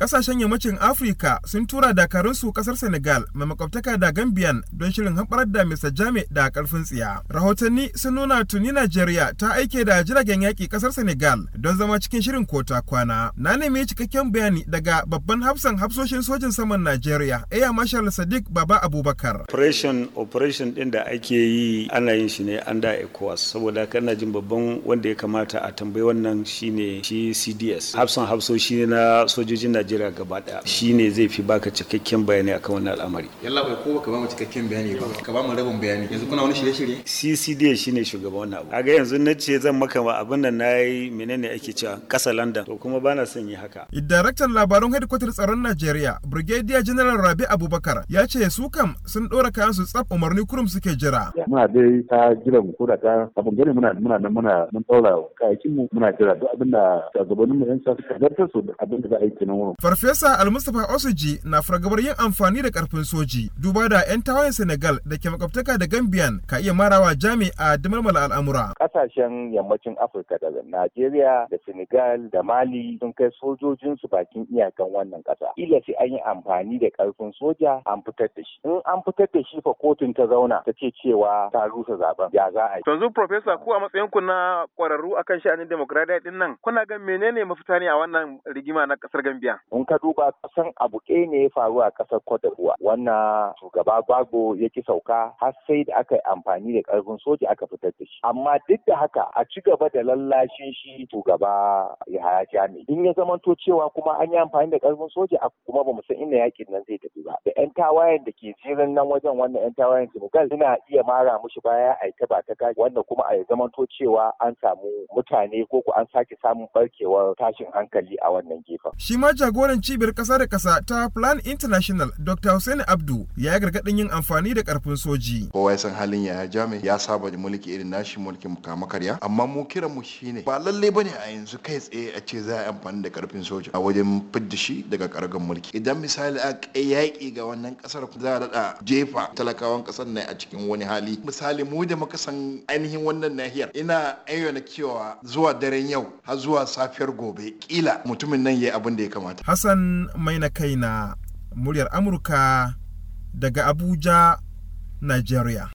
kasashen yammacin Afirka sun tura dakarunsu kasar Senegal mai makwabtaka da Gambiyan don shirin haɓarar da Mr. Jame da karfin tsiya. Rahotanni sun nuna tuni nigeria ta aike da jiragen yaƙi kasar Senegal don zama cikin shirin kota kwana. Na nemi cikakken bayani daga babban hafsan hafsoshin sojin saman nigeria Air Marshal Sadiq Baba Abubakar. Operation operation ɗin da ake yi ana yin shi ne an da ECOWAS saboda kana jin babban wanda ya kamata a tambayi wannan shine shi CDS. Hafsan hafsoshi na sojojin Najeriya najeriya gaba daya shi ne zai fi baka cikakken bayani akan wannan al'amari yalla bai ko baka ba mu cikakken bayani ba ka ba mu rabin bayani yanzu kuna wani shirye-shirye ccd shi ne shugaban wannan abu kaga yanzu na ce zan maka ba abin nan yi menene ake cewa kasa london to kuma bana son yi haka daraktan labarun hedikwatar tsaron najeriya brigadier general rabi abubakar ya ce su kam sun dora kayan su tsaf umarni kurum suke jira muna dai ta jiran ko da ta abin gani muna muna nan muna mun daura kayakin mu muna jira duk abin da shugabannin mu yan sa suka zartar su abin da za a yi kenan wurin Farfesa Almustapha Osuji na fargabar yin amfani da karfin soji duba da 'yan tawayen Senegal da ke makwabtaka da Gambian ka iya marawa jami'a a malmala al'amura. Ƙasashen yammacin Afirka da Najeriya da Senegal da Mali sun kai sojojinsu bakin iyakan wannan ƙasa, Ila sai an yi amfani da karfin soja an fitar da shi. In an fitar da shi fa kotun ta zauna ta ce cewa ta rusa zaben ya za a yi. Yanzu Farfesa ku a matsayinku na kwararru akan sha'anin demokradiyya din nan kuna ga menene mafita ne a wannan rigima na ƙasar Gambia? in ka duba kasan abu ke ne ya faru a kasar Cote d'Ivoire wannan shugaba Gbagbo ya ki sauka har sai da aka yi amfani da ƙarfin soja aka fitar da shi amma duk da haka a ci gaba da lallashin shi shugaba Yahaya Jami in ya zamanto cewa kuma an yi amfani da ƙarfin soja kuma ba mu san inda yakin nan zai tafi ba da 'yan tawayen da ke jirin nan wajen wannan 'yan tawayen Senegal suna iya mara mushi baya a ita ba ta gaji wanda kuma a ya zamanto cewa an samu mutane ko ko an sake samun barkewar tashin hankali a wannan gefen. jagoran cibiyar kasa da kasa ta Plan International Dr. Hussein Abdu ya yi gargadin yin amfani da karfin soji. Kowa ya san halin yaya jami ya saba da mulki irin nashi mulkin kama karya amma mu kiran mu shine ba lalle ne a yanzu kai tsaye a ce za a yi amfani da karfin soja a wajen fidda shi daga ƙargan mulki. Idan misali a yaƙi ga wannan kasar. za a daɗa jefa talakawan kasar ne a cikin wani hali. Misali mu da muka san ainihin wannan nahiyar ina ayyana cewa zuwa daren yau har zuwa safiyar gobe kila mutumin nan ya yi abin da ya kamata. Hassan Maina na muryar Amurka daga Abuja, Najeriya.